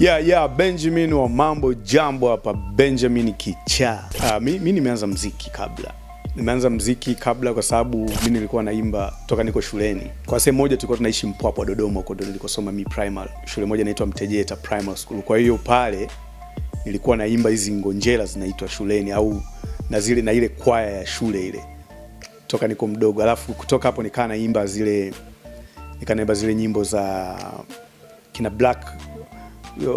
Yeah, yeah, Benjamin wa mambo jambo hapa, Benjamin Kicha. Uh, ah, mi, mi nimeanza mziki kabla nimeanza mziki kabla kwa sababu mi nilikuwa naimba toka niko shuleni. Kwa sehemu moja tulikuwa tunaishi Mpwapwa, Dodoma, huko ndo nilikosoma mi primary, shule moja inaitwa Mtejeta Primary School. Kwa hiyo pale nilikuwa naimba hizi ngonjera zinaitwa shuleni, au na zile na ile kwaya ya shule ile toka niko mdogo, alafu kutoka hapo nikaa naimba zile nikanaimba zile nyimbo za kina Black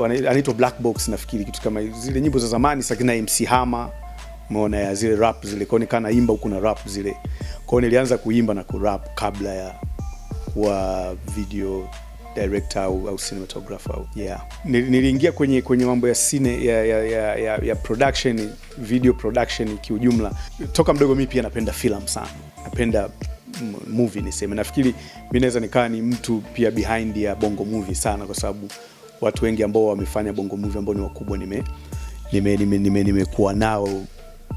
anaitwa Black Box nafikiri, kitu kama zile nyimbo za zamani sasa kina MC Hammer, umeona ya zile rap zile, kwa nikaa naimba huku na rap zile. Kwa hiyo nilianza kuimba na kurap kabla ya kuwa video director au, au cinematographer au. Yeah. Niliingia kwenye kwenye mambo ya cine ya, ya, ya, ya, ya production video production kiujumla toka mdogo. Mimi pia napenda film sana, napenda movie niseme. Nafikiri mi naweza nikawa ni mtu pia behind ya bongo movie sana, kwa sababu watu wengi ambao wamefanya bongo movie ambao ni wakubwa nime nimekuwa nime, nime, nime nao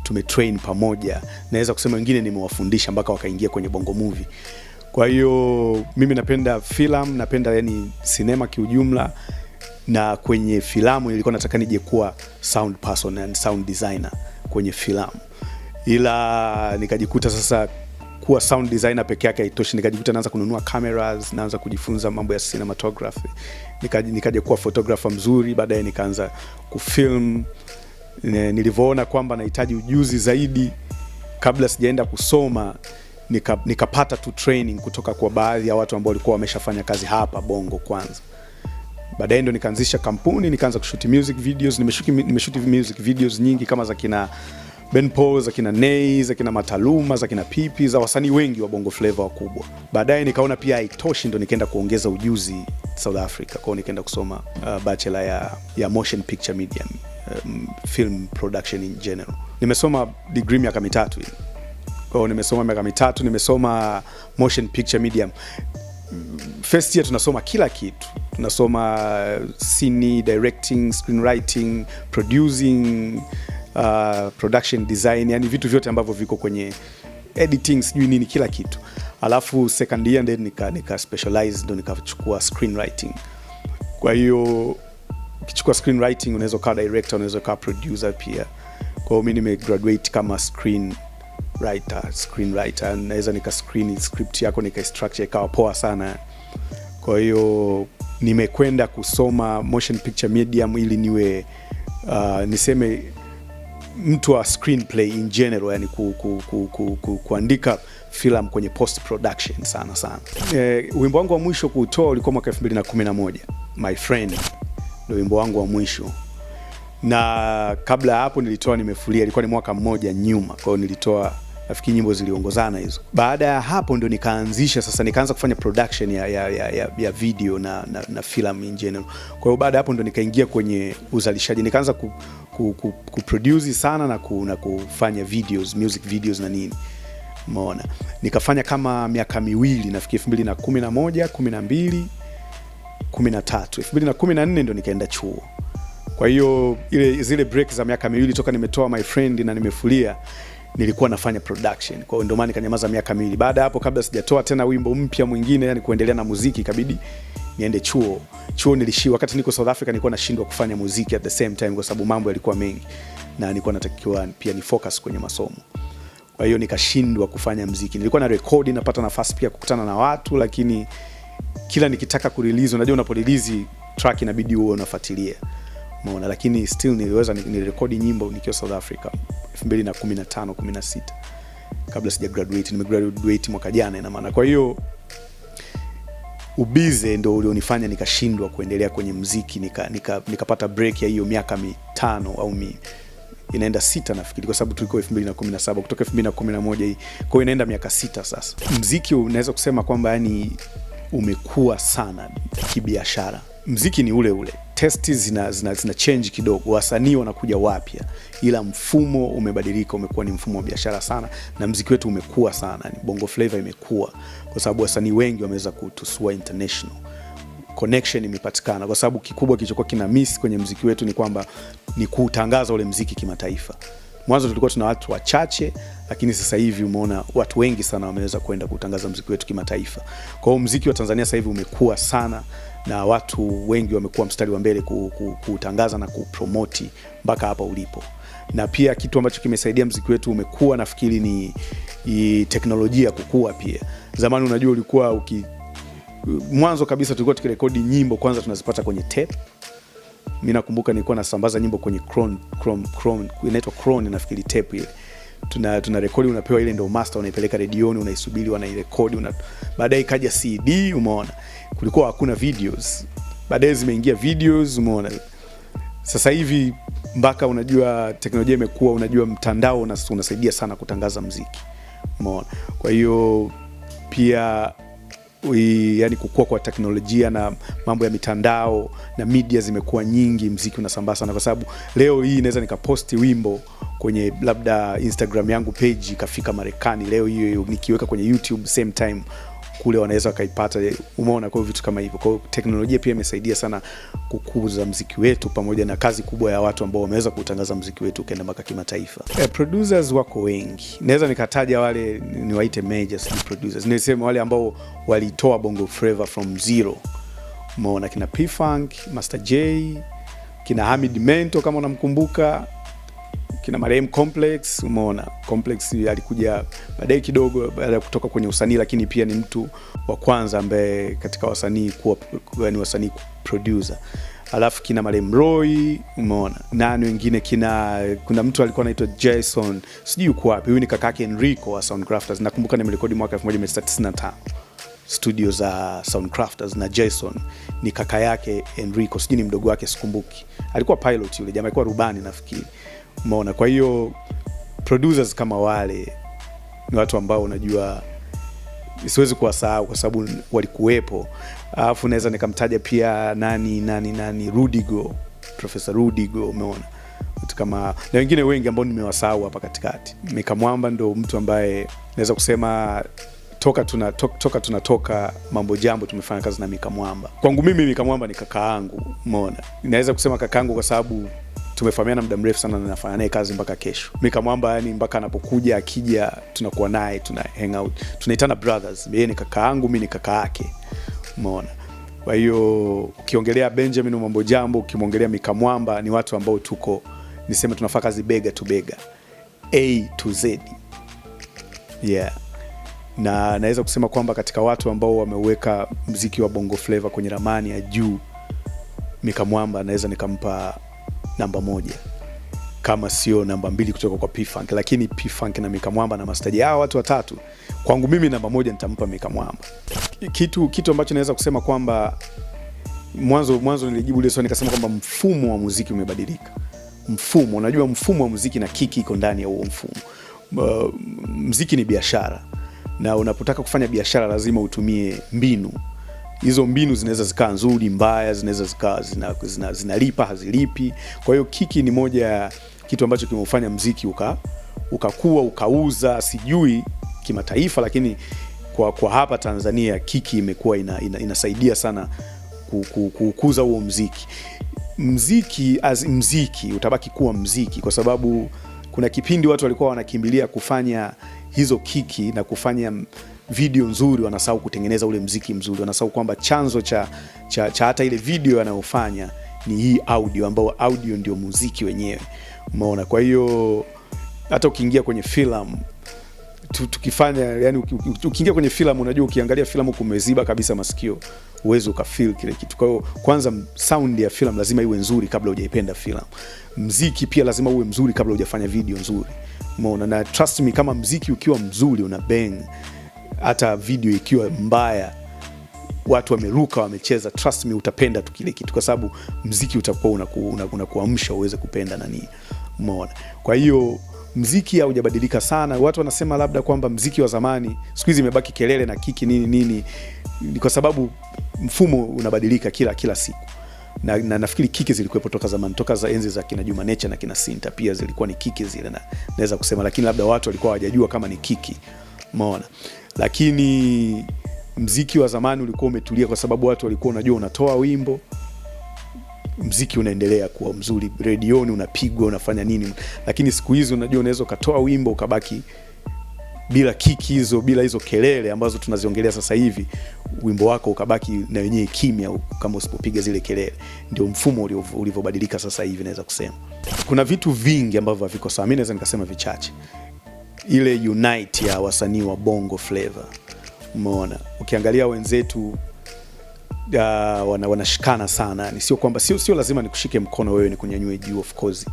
tumetrain pamoja, naweza kusema wengine nimewafundisha mpaka wakaingia kwenye bongo movie. Kwa hiyo mimi napenda filamu, napenda yani sinema kiujumla, na kwenye filamu nilikuwa nataka nije kuwa sound person and sound designer kwenye filamu, ila nikajikuta sasa kuwa sound designer peke yake haitoshi, nikajikuta naanza kununua cameras, naanza kujifunza mambo ya cinematography, nikaja nika kuwa photographer mzuri, baadaye nikaanza kufilm. Nilivyoona kwamba nahitaji ujuzi zaidi kabla sijaenda kusoma nikapata nika tu training kutoka kwa baadhi ya watu ambao walikuwa wameshafanya kazi hapa Bongo kwanza. Baadaye ndo nikaanzisha kampuni, nikaanza kushuti music videos. Nimeshuti music videos nyingi kama za kina Benpos, akina Nei, kina Mataluma, za kina Pipi, za wasanii wengi wa Bongo Flava wakubwa. Baadaye nikaona pia haitoshi, ndo nikaenda kuongeza ujuzi South Africa kwao, nikaenda kusoma uh, bachelor ya, ya motion picture medium, um, film production in general. Nimesoma degree miaka mitatu hivi kwao, nimesoma miaka mitatu, nimesoma motion picture medium. First year tunasoma kila kitu, tunasoma uh, scene directing, screenwriting, producing uh, production design, yani vitu vyote ambavyo viko kwenye editing sijui nini kila kitu. Alafu second year then nika, nika specialize ndo nikachukua screenwriting. Kwa hiyo ukichukua screenwriting unaweza kuwa director, unaweza kuwa producer pia. Kwa hiyo mimi nime graduate kama screen writer, screenwriter. Naweza nika screen script yako nika structure ikawa poa sana. Kwa hiyo nimekwenda kusoma motion picture medium ili niwe uh, niseme mtu wa screenplay in general, yani ku, ku, ku, ku, ku, kuandika filamu kwenye post production sana sana. Eh, wimbo wangu wa mwisho kuutoa ulikuwa mwaka 2011 My Friend ndio wimbo wangu wa mwisho, na kabla ya hapo nilitoa Nimefulia, ilikuwa ni mwaka mmoja nyuma, kwa hiyo nilitoa nafikiri nyimbo ziliongozana hizo. Baada ya hapo ndio nikaanzisha sasa, nikaanza kufanya production ya, ya, ya, ya ya video na, na, na film in general. Kwa hiyo baada ya hapo ndio nikaingia kwenye uzalishaji, nikaanza ku, ku, ku, ku produce sana na, ku, na kufanya videos, music videos na nini Umeona, nikafanya kama miaka miwili nafikiri, elfu mbili na kumi na moja kumi na mbili kumi na tatu elfu mbili na kumi na nne ndo nikaenda chuo. Kwa hiyo ile zile break za miaka miwili toka nimetoa My Friend na nimefulia nilikuwa nafanya production. Kwa hiyo ndio maana nikanyamaza miaka miwili. Baada hapo, kabla sijatoa tena wimbo mpya mwingine, yani kuendelea na muziki, ikabidi niende chuo. Chuo nilishia, wakati niko South Africa nilikuwa nashindwa kufanya muziki at the same time, kwa sababu mambo yalikuwa mengi na nilikuwa natakiwa pia ni focus kwenye masomo. Kwa hiyo nikashindwa kufanya muziki. Nilikuwa na rekodi, napata nafasi pia kukutana na watu, lakini kila nikitaka kurelease, unajua unapo release track inabidi uwe unafuatilia maona, lakini still niliweza nirekodi nyimbo nikiwa South Africa 2015 16 kabla sija graduate. Nimegraduate mwaka jana, ina maana. Kwa hiyo ubize ndo ulionifanya nikashindwa kuendelea kwenye mziki, nikapata nika, nika break ya hiyo miaka mitano au mi, inaenda sita nafikiri, kwa sababu tulikuwa 2017 kutoka 2011 hii, kwa hiyo inaenda miaka sita sasa. Mziki unaweza kusema kwamba yani umekuwa sana kibiashara, mziki ni ule ule testi zina, zina, zina change kidogo, wasanii wanakuja wapya, ila mfumo umebadilika, umekuwa ni mfumo wa biashara sana, na mziki wetu umekua sana, ni bongo flava imekua kwa sababu wasanii wengi wameweza kutusua international connection imepatikana, kwa sababu kikubwa kilichokuwa kina miss kwenye mziki wetu ni kwamba ni kuutangaza ule mziki kimataifa. Mwanzo tulikuwa tuna watu wachache, lakini sasa hivi umeona watu wengi sana wameweza kwenda kutangaza mziki wetu kimataifa. Kwa hiyo mziki wa Tanzania sasa hivi umekuwa sana na watu wengi wamekuwa mstari wa mbele kuutangaza na kupromoti mpaka hapa ulipo, na pia kitu ambacho kimesaidia mziki wetu umekuwa nafikiri ni i, teknolojia kukua pia. Zamani unajua ulikuwa uki mwanzo kabisa tulikuwa tukirekodi nyimbo kwanza tunazipata kwenye tape mi nakumbuka nilikuwa nasambaza nyimbo kwenye inaitwa Chrome nafikiri tep ile tuna, tuna rekodi unapewa ile ndo master, unaipeleka redioni, unaisubiri wanairekodi una... baadaye ikaja CD. Umeona kulikuwa hakuna videos, baadaye zimeingia videos. Umeona sasa hivi mpaka unajua teknolojia imekuwa, unajua mtandao unasaidia sana kutangaza mziki. Umeona, kwa hiyo pia yani kukua kwa teknolojia na mambo ya mitandao na media zimekuwa nyingi, mziki unasambaa sana, kwa sababu leo hii naweza nikaposti wimbo kwenye labda Instagram yangu page ikafika Marekani leo hiyo, nikiweka kwenye YouTube same time kule wanaweza wakaipata, umeona. Kwa vitu kama hivyo, kwa hiyo teknolojia pia imesaidia sana kukuza mziki wetu, pamoja na kazi kubwa ya watu ambao wameweza kutangaza mziki wetu ukaenda mpaka kimataifa. Eh, producers wako wengi, naweza nikataja wale niwaite major producers, wale ambao walitoa Bongo flavor from zero, umeona, kina P Funk, Master J, kina Hamid Mento kama unamkumbuka kina marehemu Complex, umeona Complex alikuja baadaye kidogo baada ya kutoka kwenye usanii, lakini pia ni mtu wa kwanza ambaye katika wasanii kuwa yani wasanii producer alafu kina marehemu Roy, umeona nani wengine, kina kuna mtu alikuwa anaitwa Jason, sijui yuko wapi, huyu ni kakake Enrico wa Soundcrafters. Nakumbuka nimerekodi mwaka 1995 studio za Soundcrafters na Jason ni kaka yake Enrico, sijui ni mdogo wake, sikumbuki. Alikuwa pilot yule jamaa, alikuwa rubani nafikiri. Umeona, kwa hiyo producers kama wale ni watu ambao unajua siwezi kuwasahau kwa sababu walikuwepo. Alafu naweza nikamtaja pia nani nani nani, Rudigo, Profesa Rudigo, umeona watu kama na wengine wengi ambao nimewasahau hapa katikati. Mika Mwamba ndo mtu ambaye naweza kusema toka tunatoka toka, tunatoka mambo jambo tumefanya kazi na Mika Mwamba. Kwangu mimi Mika Mwamba ni kakaangu, umeona, naweza kusema yangu kwa sababu tumefahamiana muda mrefu sana na nafanya naye kazi mpaka kesho. Mika Mwamba yani mpaka anapokuja akija, tunakuwa naye tuna hang out, tunaitana brothers. Yeye ni kaka yangu, mi ni kaka yake, umeona. Kwa hiyo ukiongelea Benjamin Mambo Jambo, ukimwongelea Mika Mwamba, ni watu ambao tuko niseme tunafanya kazi bega to bega, A to Z, yeah na naweza kusema kwamba katika watu ambao wameweka mziki wa Bongo Flava kwenye ramani ya juu, Mika Mwamba naweza nikampa namba moja kama sio namba mbili kutoka kwa P-Funk, lakini P-Funk na Mika Mwamba na mastaji hawa watu watatu kwangu mimi namba moja nitampa Mika Mwamba. Kitu kitu ambacho naweza kusema kwamba mwanzo mwanzo nilijibu ile swali nikasema kwamba mfumo wa muziki umebadilika. Mfumo, unajua mfumo wa muziki na kiki iko ndani ya huo mfumo. Uh, muziki ni biashara na unapotaka kufanya biashara lazima utumie mbinu hizo mbinu zinaweza zikaa nzuri, mbaya, zinaweza zikaa zinalipa, zina, zina hazilipi. Kwa hiyo kiki ni moja ya kitu ambacho kimeufanya mziki uka ukakua ukauza, sijui kimataifa, lakini kwa, kwa hapa Tanzania kiki imekuwa ina, ina, inasaidia sana kuukuza huo mziki mziki as mziki utabaki kuwa mziki, kwa sababu kuna kipindi watu walikuwa wanakimbilia kufanya hizo kiki na kufanya video nzuri, wanasahau kutengeneza ule mziki mzuri, wanasahau kwamba chanzo cha, cha, cha hata ile video anayofanya ni hii audio, ambao audio ndio muziki wenyewe, umeona. Kwa hiyo hata ukiingia kwenye filamu tukifanya yani, ukiingia kwenye filamu, unajua ukiangalia filamu kumeziba kabisa masikio, uwezi ukafeel kile kitu. Kwa hiyo kwanza, sound ya filamu lazima iwe nzuri kabla hujaipenda filamu. Mziki pia lazima uwe mzuri kabla hujafanya video nzuri, umeona. Na trust me, kama mziki ukiwa mzuri una bang hata video ikiwa mbaya, watu wameruka, wamecheza, trust me, utapenda tu kile kitu, kwa sababu mziki utakuwa unakuamsha una, una uweze kupenda nani, umeona. Kwa hiyo mziki haujabadilika sana. Watu wanasema labda kwamba mziki wa zamani siku hizi imebaki kelele na kiki nini nini, ni kwa sababu mfumo unabadilika kila kila siku na, na nafikiri kiki zilikuwepo toka zamani, toka za enzi za kina Juma Nature na kina Sinta pia zilikuwa ni kiki zile, na naweza kusema, lakini labda watu walikuwa hawajajua kama ni kiki, umeona lakini mziki wa zamani ulikuwa umetulia kwa sababu watu walikuwa unajua, unatoa wimbo, mziki unaendelea kuwa mzuri, redioni unapigwa, unafanya nini. Lakini siku hizi unajua, unaweza ukatoa wimbo ukabaki bila kiki hizo, bila hizo kelele ambazo tunaziongelea sasa hivi, wimbo wako ukabaki na wenyewe kimya kama usipopiga zile kelele. Ndio mfumo ulivyobadilika sasa hivi, naweza kusema kuna vitu vingi ambavyo haviko sawa. Mimi naweza nikasema vichache ile unite ya wasanii wa bongo flavor. Umeona, ukiangalia wenzetu uh, wana, wanashikana sana. Ni sio kwamba sio sio lazima nikushike mkono wewe ni kunyanyue juu. Of course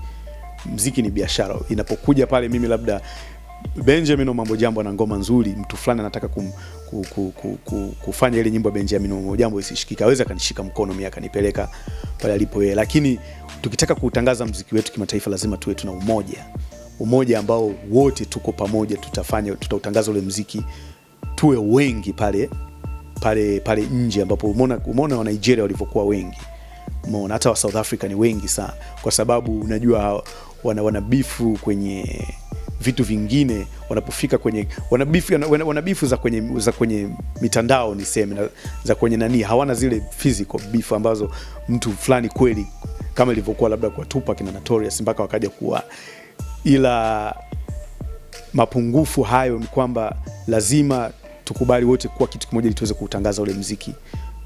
mziki ni biashara. Inapokuja pale mimi labda Benjamin wa Mambo Jambo ana ngoma nzuri, mtu fulani anataka kum, ku, ku, ku, ku, kufanya ile nyimbo ya Benjamin wa Mambo Jambo isishikike, aweza akanishika mkono mimi akanipeleka pale alipo yeye, lakini tukitaka kuutangaza mziki wetu kimataifa lazima tuwe tuna umoja umoja ambao wote tuko pamoja, tutafanya tutautangaza ule mziki, tuwe wengi pale pale pale nje, ambapo umeona umeona wa Nigeria walivyokuwa wengi, umeona hata wa South Africa ni wengi sana, kwa sababu unajua wana, wana bifu kwenye vitu vingine wanapofika kwenye wana bifu za kwenye, za kwenye mitandao niseme na, za kwenye nani, hawana zile physical bifu ambazo mtu fulani kweli, kama ilivyokuwa labda kwa Tupac na Notorious mpaka wakaja kuwa ila mapungufu hayo ni kwamba lazima tukubali wote kuwa kitu kimoja ili tuweze kuutangaza ule mziki.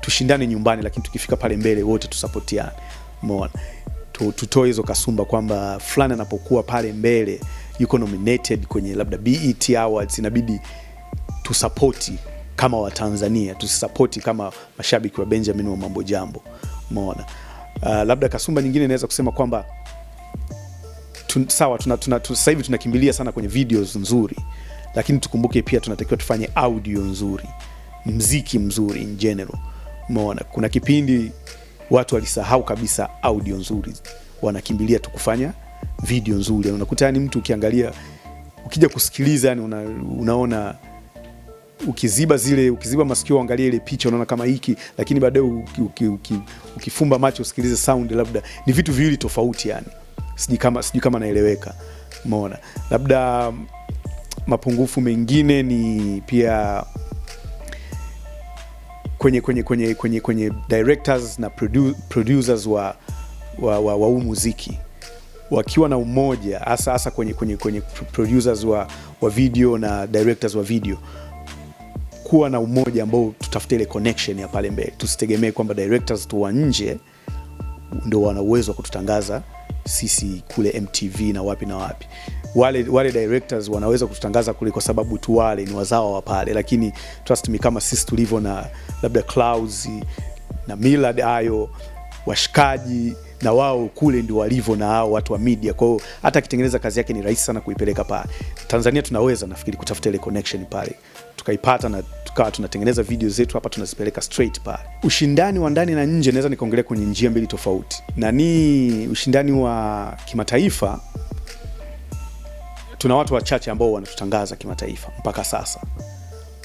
Tushindane nyumbani, lakini tukifika pale mbele wote tusapotiane. Umeona, tutoe hizo kasumba kwamba fulani anapokuwa pale mbele yuko nominated kwenye labda BET Awards, inabidi tusapoti kama Watanzania, tusisapoti kama mashabiki wa Benjamin wa Mambo Jambo. Umeona. Uh, labda kasumba nyingine inaweza kusema kwamba sawa tuna, tuna, tuna, sasa hivi tunakimbilia sana kwenye videos nzuri, lakini tukumbuke pia tunatakiwa tufanye audio nzuri, mziki mzuri in general. Umeona, kuna kipindi watu walisahau kabisa audio nzuri, wanakimbilia tu kufanya video nzuri. Unakuta yani mtu ukiangalia, ukija kusikiliza yani una, unaona ukiziba zile ukiziba masikio uangalie ile picha unaona kama hiki, lakini baadaye ukifumba uki, uki, uki macho usikilize sound, labda ni vitu viwili tofauti yani sijui kama, sijui kama naeleweka. Umeona, labda mm, mapungufu mengine ni pia kwenye kwenye kwenye kwenye kwenye directors na produ producers wa wa, wa, wa huu muziki wakiwa na umoja hasa hasa kwenye, kwenye, kwenye producers wa, wa video na directors wa video kuwa na umoja ambao tutafute ile connection ya pale mbele, tusitegemee kwamba directors tu wa nje ndio wana uwezo wa kututangaza sisi kule MTV na wapi na wapi wale, wale directors wanaweza kututangaza kule kwa sababu tu wale ni wazawa wa pale, lakini trust me, kama sisi tulivyo na labda Clouds na Millard Ayo washikaji na wao kule ndio walivyo na hao watu wa media. Kwa hiyo hata akitengeneza kazi yake ni rahisi sana kuipeleka pale. Tanzania tunaweza nafikiri kutafuta ile connection pale tukaipata na tukawa tunatengeneza video zetu hapa tunazipeleka straight pale. Ushindani wa ndani na nje, naweza nikaongelea kwenye njia mbili tofauti, na ni ushindani wa kimataifa. Tuna watu wachache ambao wanatutangaza kimataifa mpaka sasa,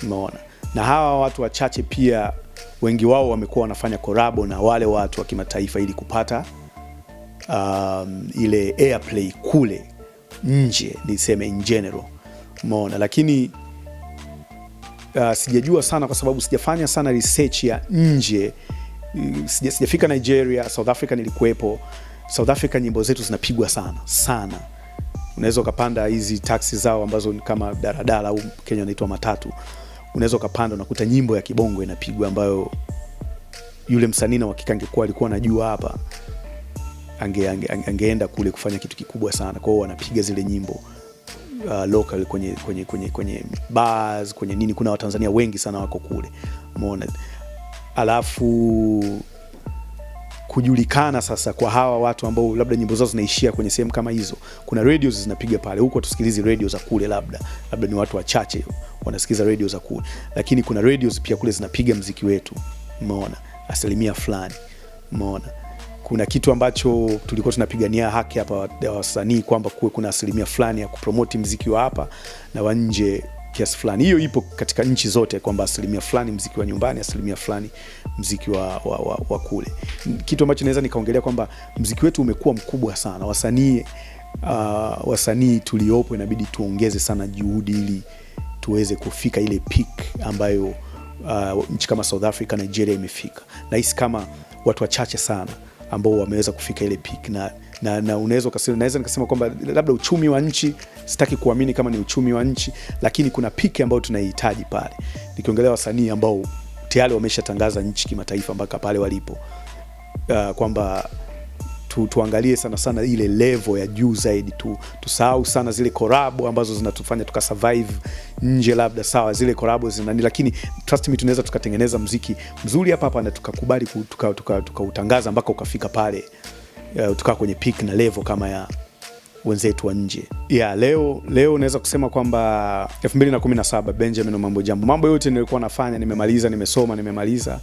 umeona, na hawa watu wachache pia wengi wao wamekuwa wanafanya korabo na wale watu wa kimataifa ili kupata um, ile airplay kule nje, niseme in general, umeona. Lakini uh, sijajua sana kwa sababu sijafanya sana research ya nje. Mm, sija, sijafika Nigeria. South Africa nilikuwepo. South Africa nyimbo zetu zinapigwa sana sana, unaweza ukapanda hizi taksi zao ambazo ni kama daradara au Kenya inaitwa matatu, unaweza ukapanda unakuta nyimbo ya kibongo inapigwa ambayo yule msanii na uhakika angekuwa alikuwa anajua hapa ange, ange, ange kule kufanya kitu kikubwa sana. Kwao wanapiga zile nyimbo uh, local kwenye, kwenye, kwenye, kwenye bars kwenye nini. Kuna Watanzania wengi sana wako kule, umeona. Alafu kujulikana sasa kwa hawa watu ambao labda nyimbo zao zinaishia kwenye sehemu kama hizo, kuna radio zinapiga pale huko, tusikilizi radio za kule, labda labda ni watu wachache wanasikiliza radio za kule, lakini kuna radio pia kule zinapiga mziki wetu, umeona, asilimia fulani, umeona kuna kitu ambacho tulikuwa tunapigania haki hapa ya wasanii kwamba kuwe kuna asilimia fulani ya kupromoti mziki wa hapa na wa nje kiasi fulani. Hiyo ipo katika nchi zote kwamba asilimia fulani mziki wa nyumbani, asilimia fulani mziki wa, wa, wa, wa kule. Kitu ambacho naweza nikaongelea kwamba mziki wetu umekuwa mkubwa sana, wasanii uh, wasanii tuliopo inabidi tuongeze sana juhudi ili tuweze kufika ile peak ambayo uh, nchi kama South Africa, Nigeria imefika. Nahisi kama watu wachache sana ambao wameweza kufika ile peak na na, na unaweza naweza nikasema kwamba labda uchumi wa nchi, sitaki kuamini kama ni uchumi wa nchi, lakini kuna piki ambayo tunaihitaji pale, nikiongelea wasanii ambao tayari wameshatangaza nchi kimataifa mpaka pale walipo, uh, kwamba tu, tuangalie sana sana ile level ya juu zaidi tu, tusahau sana zile korabu ambazo zinatufanya tukasurvive nje, labda sawa, zile korabu zinani, lakini trust me, tunaweza tukatengeneza mziki mzuri hapa hapa na tukakubali tukautangaza tuka, tuka mpaka ukafika pale uh, eh, tukaa kwenye peak na level kama ya wenzetu wa nje ya yeah. Leo leo naweza kusema kwamba 2017 Benjamin Mambo Jambo, mambo yote nilikuwa nafanya, nimemaliza, nimesoma, nimemaliza,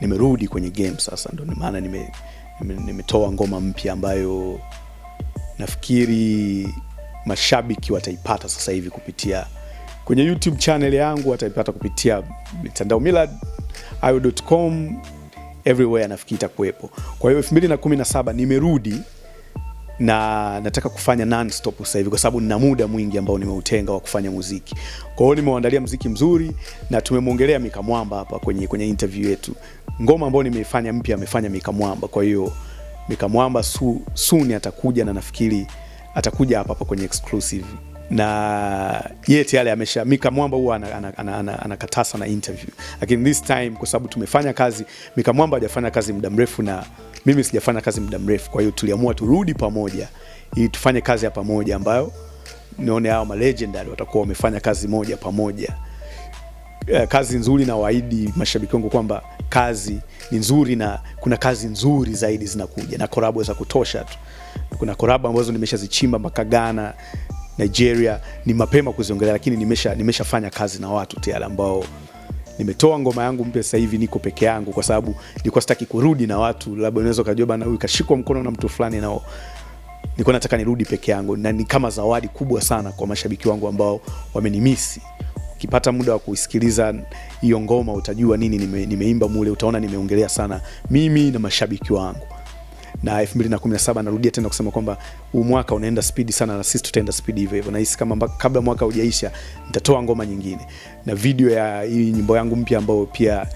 nimerudi kwenye game sasa, ndo maana nime nimetoa ngoma mpya ambayo nafikiri mashabiki wataipata sasa hivi kupitia kwenye YouTube channel yangu, wataipata kupitia mitandao millardayo.com everywhere, nafikiri itakuwepo. Kwa hiyo 2017 nimerudi na nataka kufanya non-stop sasa hivi kwa sababu nina muda mwingi ambao nimeutenga wa kufanya muziki. Kwa hiyo nimewaandalia muziki mzuri na tumemwongelea Mika Mwamba hapa kwenye, kwenye interview yetu ngoma ambayo nimeifanya mpya amefanya Mika Mwamba. Kwa hiyo Mika Mwamba su, soon atakuja na nafikiri atakuja hapa hapa kwenye exclusive na yeye tayari amesha. Mika Mwamba huwa anakatasa ana, ana, ana, ana na interview, lakini this time kwa sababu tumefanya kazi, Mika Mwamba hajafanya kazi muda mrefu na mimi sijafanya kazi muda mrefu, kwa hiyo tuliamua turudi pamoja ili tufanye kazi ya pamoja ambayo nione hao ma legendary watakuwa wamefanya kazi moja pamoja. Eh, kazi nzuri na waahidi mashabiki wangu kwamba kazi ni nzuri na kuna kazi nzuri zaidi zinakuja na korabu za kutosha tu. Kuna korabu ambazo nimeshazichimba mpaka Ghana, Nigeria, ni mapema kuziongelea, lakini nimesha nimeshafanya kazi na watu tayari ambao nimetoa ngoma yangu mpya sasa hivi niko peke yangu, kwa sababu nilikuwa sitaki kurudi na watu, labda unaweza kujua bana, huyu kashikwa mkono na mtu fulani, nao nilikuwa nataka nirudi peke yangu, na ni kama zawadi kubwa sana kwa mashabiki wangu ambao wamenimisi ukipata muda wa kuisikiliza hiyo ngoma utajua nini nime, nimeimba mule, utaona nimeongelea sana mimi na mashabiki wangu na 2017 narudia tena kusema kwamba huu mwaka unaenda spidi sana, na sisi tutaenda spidi hivyo hivyo. Nahisi kama kabla mwaka hujaisha nitatoa ngoma nyingine na video ya hii nyimbo yangu mpya ambayo pia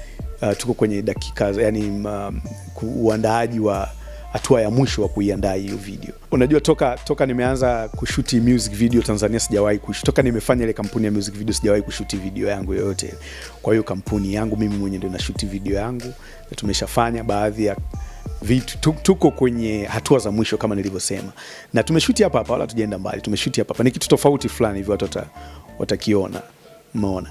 uh, tuko kwenye dakika yani um, uandaaji wa hatua ya mwisho wa kuiandaa hiyo video. Unajua, toka toka nimeanza kushuti music video Tanzania sijawahi kushuti. Toka nimefanya ile kampuni ya music video sijawahi kushuti video yangu yoyote. Kwa hiyo kampuni yangu mimi mwenyewe ndio nashuti video yangu na tumeshafanya baadhi ya vitu tuko kwenye hatua za mwisho kama nilivyosema, na tumeshuti hapa hapa, wala tujaenda mbali. Tumeshuti hapa hapa, ni kitu tofauti fulani hivyo watu watakiona. Umeona,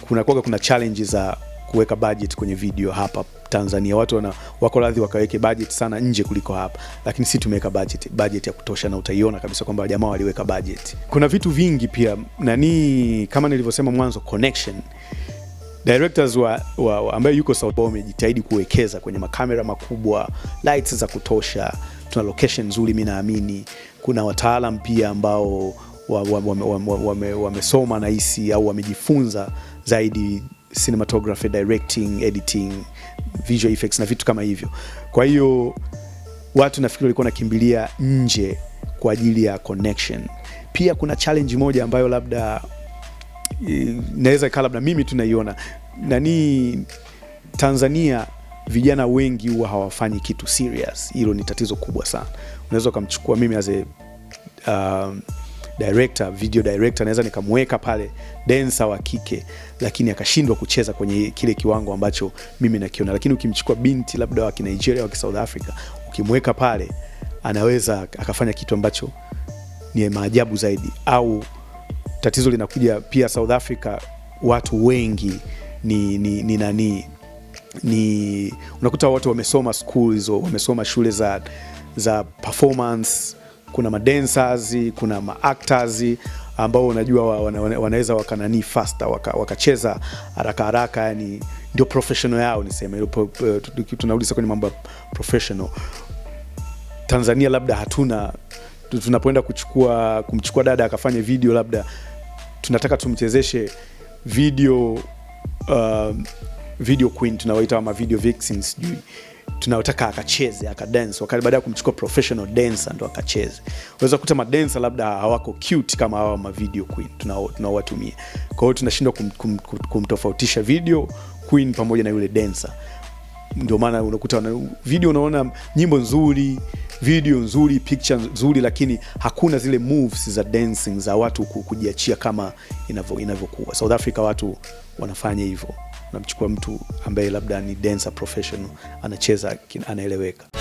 kuna kuwaga kuna challenge za kuweka budget kwenye video hapa Tanzania. Watu wana, wako radhi wakaweke budget sana nje kuliko hapa, lakini sisi tumeweka budget, budget ya kutosha, na utaiona kabisa kwamba jamaa waliweka budget. Kuna vitu vingi pia nani, kama nilivyosema mwanzo, connection directors wa, wa, wa ambaye yuko South Paulo amejitahidi kuwekeza kwenye makamera makubwa, lights za kutosha, tuna location nzuri, mimi naamini kuna wataalam pia ambao wamesoma wa, wa, wa, wa, wa, wa, wa, wa hisi au wamejifunza zaidi cinematography, directing, editing, visual effects na vitu kama hivyo. Kwa hiyo watu nafikiri walikuwa nakimbilia nje kwa ajili ya connection. Pia kuna challenge moja ambayo labda e, naweza ikaa labda mimi tunaiona nani, Tanzania vijana wengi huwa hawafanyi kitu serious. Hilo ni tatizo kubwa sana. Unaweza ukamchukua mimi as a um, director, video director naweza nikamweka pale densa wa kike, lakini akashindwa kucheza kwenye kile kiwango ambacho mimi nakiona. Lakini ukimchukua binti labda wa Nigeria wa South Africa, ukimweka pale, anaweza akafanya kitu ambacho ni maajabu zaidi. Au tatizo linakuja pia South Africa, watu wengi ni, ni, ni nani ni unakuta watu wamesoma school hizo, wamesoma shule za, za performance kuna madancers, kuna maactors ambao unajua wana, wanaweza wakanani faster wakacheza waka haraka haraka, yani ndio professional yao, niseme tunauliza kwenye mambo ya professional. Tanzania labda hatuna, tunapoenda kuchukua kumchukua dada akafanya video, labda tunataka tumchezeshe video uh, video queen tunawaita ama video vixen sijui tunayotaka akacheze akadance, wakati baada ya kumchukua professional dancer ndo akacheze. Unaweza kukuta madansa labda hawako cute kama hawa mavideo video queen tunaowatumia, kwa hiyo tunashindwa kum, kum, kum, kumtofautisha video queen pamoja na yule dancer. Ndio maana unakuta video, unaona nyimbo nzuri, video nzuri, picture nzuri, lakini hakuna zile moves za dancing za watu kujiachia kama inavyokuwa. South Africa watu wanafanya hivyo unamchukua mtu ambaye labda ni dancer professional, anacheza, anaeleweka.